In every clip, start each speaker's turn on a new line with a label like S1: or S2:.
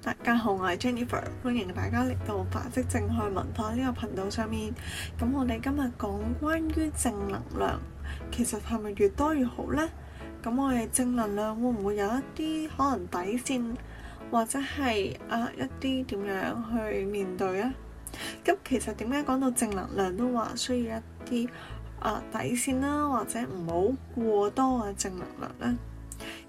S1: 大家好，我係 Jennifer，歡迎大家嚟到白色正向文化呢個頻道上面。咁我哋今日講關於正能量，其實係咪越多越好呢？咁我哋正能量會唔會有一啲可能底線，或者係啊、呃、一啲點樣去面對咧？咁其實點解講到正能量都話需要一啲啊、呃、底線啦，或者唔好過多嘅正能量呢？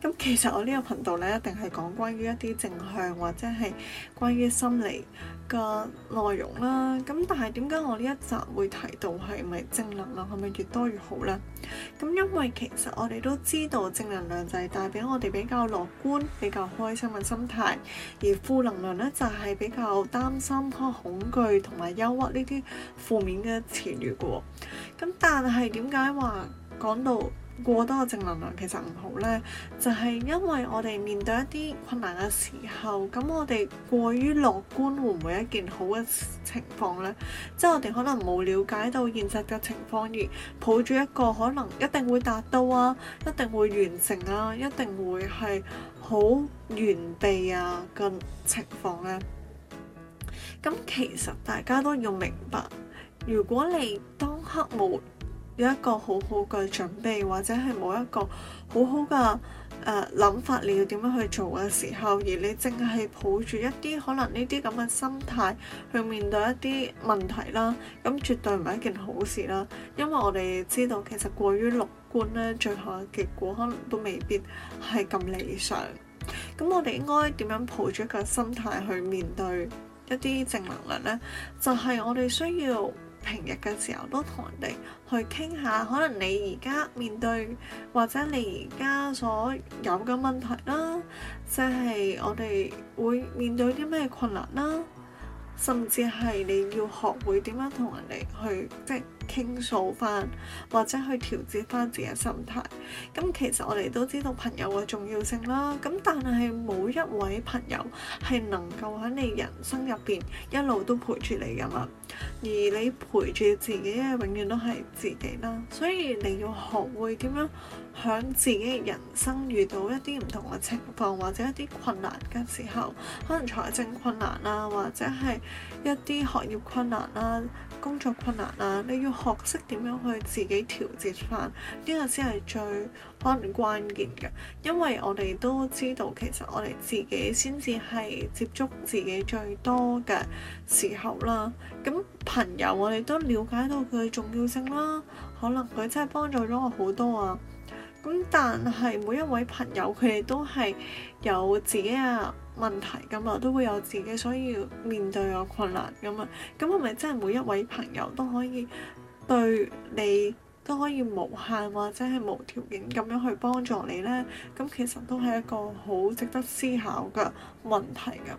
S1: 咁其實我呢個頻道咧，一定係講關於一啲正向或者係關於心理嘅內容啦。咁但係點解我呢一集會提到係咪正能量係咪越多越好呢？咁因為其實我哋都知道正能量就係帶俾我哋比較樂觀、比較開心嘅心態，而負能量呢，就係、是、比較擔心、怕恐懼同埋憂鬱呢啲負面嘅詞語嘅喎。咁但係點解話講到過多嘅正能量其實唔好呢，就係因為我哋面對一啲困難嘅時候，咁我哋過於樂觀，會唔會一件好嘅情況呢？即係我哋可能冇了解到現實嘅情況，而抱住一個可能一定會達到啊，一定會完成啊，一定會係好完備啊嘅情況呢。咁其實大家都要明白，如果你當刻冇有一個好好嘅準備，或者係冇一個好好嘅誒諗法，你要點樣去做嘅時候，而你淨係抱住一啲可能呢啲咁嘅心態去面對一啲問題啦，咁絕對唔係一件好事啦。因為我哋知道其實過於樂觀咧，最後嘅結果可能都未必係咁理想。咁我哋應該點樣抱住一個心態去面對一啲正能量呢？就係、是、我哋需要。平日嘅時候都同人哋去傾下，可能你而家面對或者你而家所有嘅問題啦，即係我哋會面對啲咩困難啦，甚至係你要學會點樣同人哋去即傾訴翻或者去調節翻自己嘅心態，咁其實我哋都知道朋友嘅重要性啦，咁但係冇一位朋友係能夠喺你人生入邊一路都陪住你㗎嘛，而你陪住自己嘅永遠都係自己啦，所以你要學會點樣喺自己人生遇到一啲唔同嘅情況或者一啲困難嘅時候，可能財政困難啊，或者係一啲學業困難啦、啊、工作困難啊，你要。學識點樣去自己調節翻，呢個先係最可能關鍵嘅，因為我哋都知道，其實我哋自己先至係接觸自己最多嘅時候啦。咁朋友，我哋都了解到佢嘅重要性啦，可能佢真係幫助咗我好多啊。咁但係每一位朋友，佢哋都係有自己嘅問題咁啊，都會有自己需要面對嘅困難咁啊。咁係咪真係每一位朋友都可以？對你都可以無限或者係無條件咁樣去幫助你咧，咁其實都係一個好值得思考嘅問題㗎。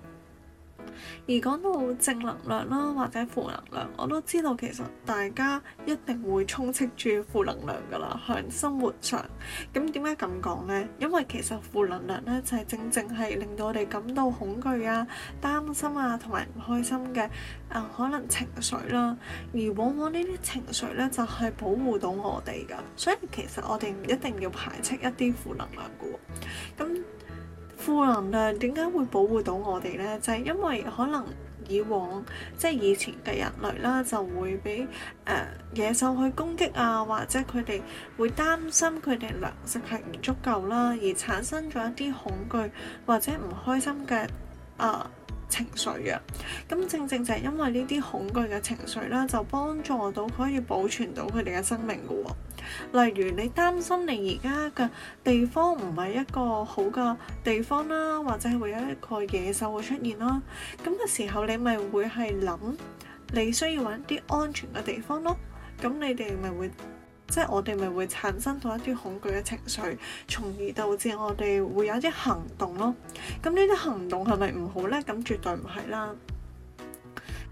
S1: 而講到正能量啦，或者負能量，我都知道其實大家一定會充斥住負能量噶啦，喺生活上。咁點解咁講呢？因為其實負能量咧就係、是、正正係令到我哋感到恐懼啊、擔心啊同埋唔開心嘅、誒、呃，可能情緒啦。而往往呢啲情緒咧就係、是、保護到我哋噶，所以其實我哋唔一定要排斥一啲負能量噶。咁負能量點解會保護到我哋呢？就係、是、因為可能以往即係、就是、以前嘅人類啦，就會俾、呃、野獸去攻擊啊，或者佢哋會擔心佢哋糧食係唔足夠啦、啊，而產生咗一啲恐懼或者唔開心嘅啊。呃情緒啊，咁正正就係因為呢啲恐懼嘅情緒啦，就幫助到可以保存到佢哋嘅生命㗎喎。例如你擔心你而家嘅地方唔係一個好嘅地方啦，或者係會有一個野獸會出現啦，咁嘅時候你咪會係諗，你需要揾啲安全嘅地方咯。咁你哋咪會。即係我哋咪會產生到一啲恐懼嘅情緒，從而導致我哋會有啲行動咯。咁呢啲行動係咪唔好呢？咁絕對唔係啦。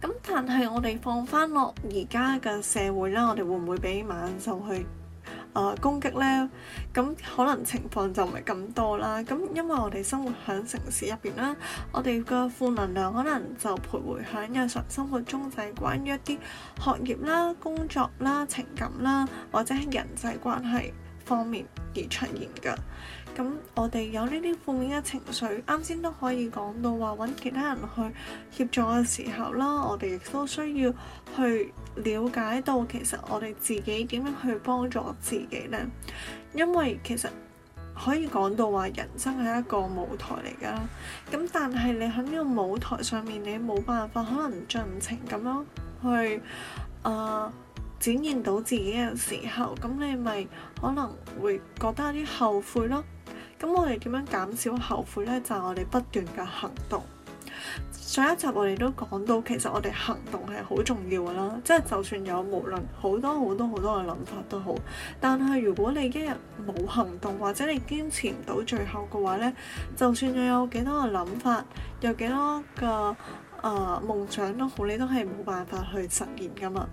S1: 咁但係我哋放翻落而家嘅社會啦，我哋會唔會俾猛獸去？誒、呃、攻擊咧，咁可能情況就唔係咁多啦。咁因為我哋生活喺城市入邊啦，我哋嘅負能量可能就徘徊喺日常生活中，就係關於一啲學業啦、工作啦、情感啦，或者係人際關係方面而出現㗎。咁我哋有呢啲負面嘅情緒，啱先都可以講到話揾其他人去協助嘅時候啦，我哋亦都需要去了解到其實我哋自己點樣去幫助自己呢？因為其實可以講到話人生係一個舞台嚟噶，咁但係你喺呢個舞台上面，你冇辦法可能盡情咁樣去啊、呃、展現到自己嘅時候，咁你咪可能會覺得有啲後悔咯。咁我哋點樣減少後悔呢？就係我哋不斷嘅行動。上一集我哋都講到，其實我哋行動係好重要噶啦。即係就算有無論好多好多好多嘅諗法都好，但係如果你一日冇行動，或者你堅持唔到最後嘅話呢，就算你有幾多嘅諗法，有幾多嘅誒夢想都好，你都係冇辦法去實現噶嘛。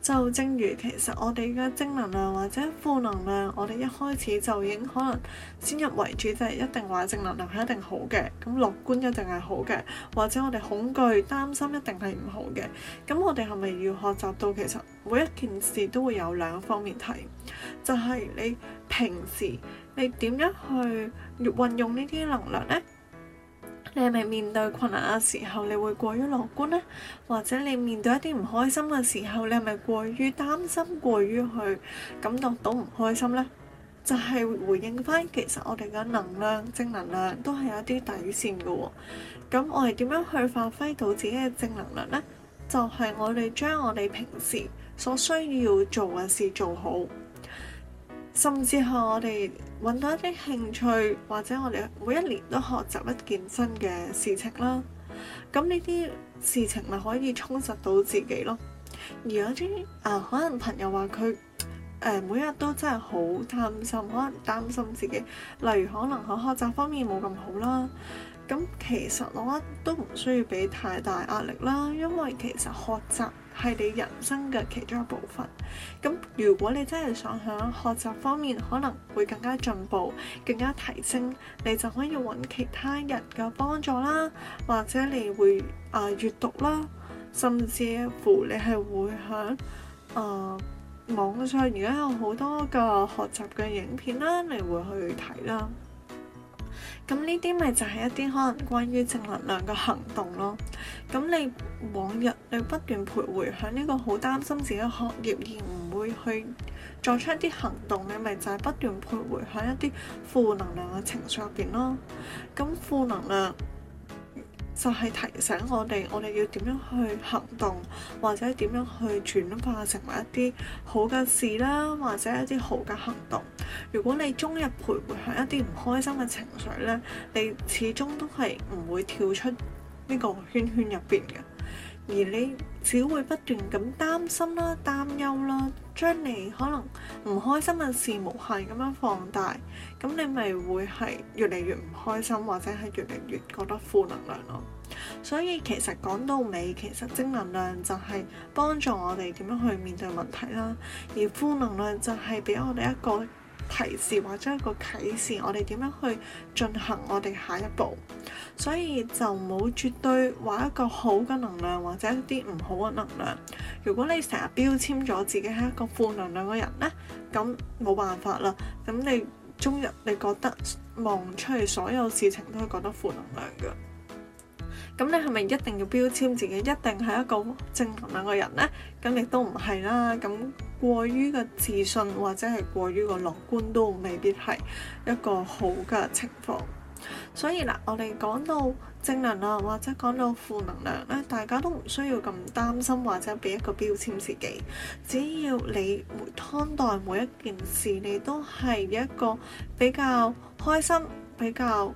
S1: 就正如其實我哋嘅正能量或者負能量，我哋一開始就已經可能先入為主，就係一定話正能量係一定好嘅，咁樂觀一定係好嘅，或者我哋恐懼擔心一定係唔好嘅。咁我哋係咪要學習到其實每一件事都會有兩方面睇？就係你平時你點樣去運用呢啲能量呢？你係咪面對困難嘅時候，你會過於樂觀呢？或者你面對一啲唔開心嘅時候，你係咪過於擔心、過於去感覺到唔開心呢？就係、是、回應返，其實我哋嘅能量、正能量都係有啲底線嘅。咁我哋點樣去發揮到自己嘅正能量呢？就係、是、我哋將我哋平時所需要做嘅事做好。甚至係我哋揾到一啲興趣，或者我哋每一年都學習一件新嘅事情啦。咁呢啲事情咪可以充實到自己咯。而有啲啊，可能朋友話佢。誒每日都真係好擔心，可能擔心自己，例如可能喺學習方面冇咁好啦。咁其實我覺得都唔需要俾太大壓力啦，因為其實學習係你人生嘅其中一部分。咁如果你真係想喺學習方面可能會更加進步、更加提升，你就可以揾其他人嘅幫助啦，或者你會啊閱讀啦，呃，甚至乎你係會喺啊。呃網上而家有好多個學習嘅影片啦，你會去睇啦。咁呢啲咪就係一啲可能關於正能量嘅行動咯。咁你往日你不斷徘徊喺呢個好擔心自己學業而唔會去做出一啲行動，你咪就係不斷徘徊喺一啲負能量嘅情緒入邊咯。咁負能量，就係提醒我哋，我哋要點樣去行動，或者點樣去轉化成為一啲好嘅事啦，或者一啲好嘅行動。如果你終日徘徊喺一啲唔開心嘅情緒咧，你始終都係唔會跳出呢個圈圈入面嘅，而你只會不斷咁擔心啦、擔憂啦。將你可能唔開心嘅事無限咁樣放大，咁你咪會係越嚟越唔開心，或者係越嚟越覺得負能量咯。所以其實講到尾，其實正能量就係幫助我哋點樣去面對問題啦，而負能量就係俾我哋一個提示或者一個啟示，我哋點樣去進行我哋下一步？所以就冇絕對話一個好嘅能量或者一啲唔好嘅能量。如果你成日標籤咗自己係一個負能量嘅人咧，咁冇辦法啦。咁你終日你覺得望出去所有事情都會覺得負能量嘅。咁你係咪一定要標籤自己？一定係一個正能量嘅人呢？咁亦都唔係啦。咁過於嘅自信或者係過於嘅樂觀都未必係一個好嘅情況。所以嗱，我哋講到正能量或者講到負能量咧，大家都唔需要咁擔心或者俾一個標籤自己。只要你每看待每一件事，你都係一個比較開心、比較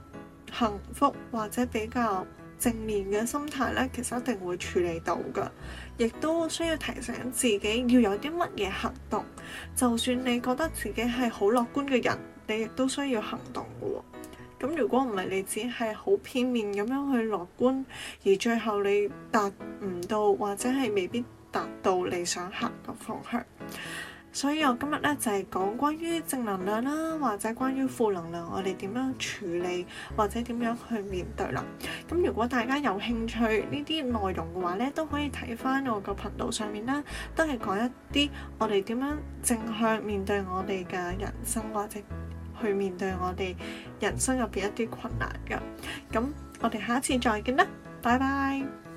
S1: 幸福或者比較正面嘅心態咧，其實一定會處理到㗎，亦都需要提醒自己要有啲乜嘢行動。就算你覺得自己係好樂觀嘅人，你亦都需要行動㗎喎。咁如果唔係你只係好片面咁樣去樂觀，而最後你達唔到，或者係未必達到你想行嘅方向。所以我今日咧就係講關於正能量啦，或者關於負能量，我哋點樣處理，或者點樣去面對啦。咁如果大家有興趣呢啲內容嘅話咧，都可以睇翻我個頻道上面啦，都係講一啲我哋點樣正向面對我哋嘅人生，或者去面對我哋人生入邊一啲困難嘅。咁我哋下一次再見啦，拜拜。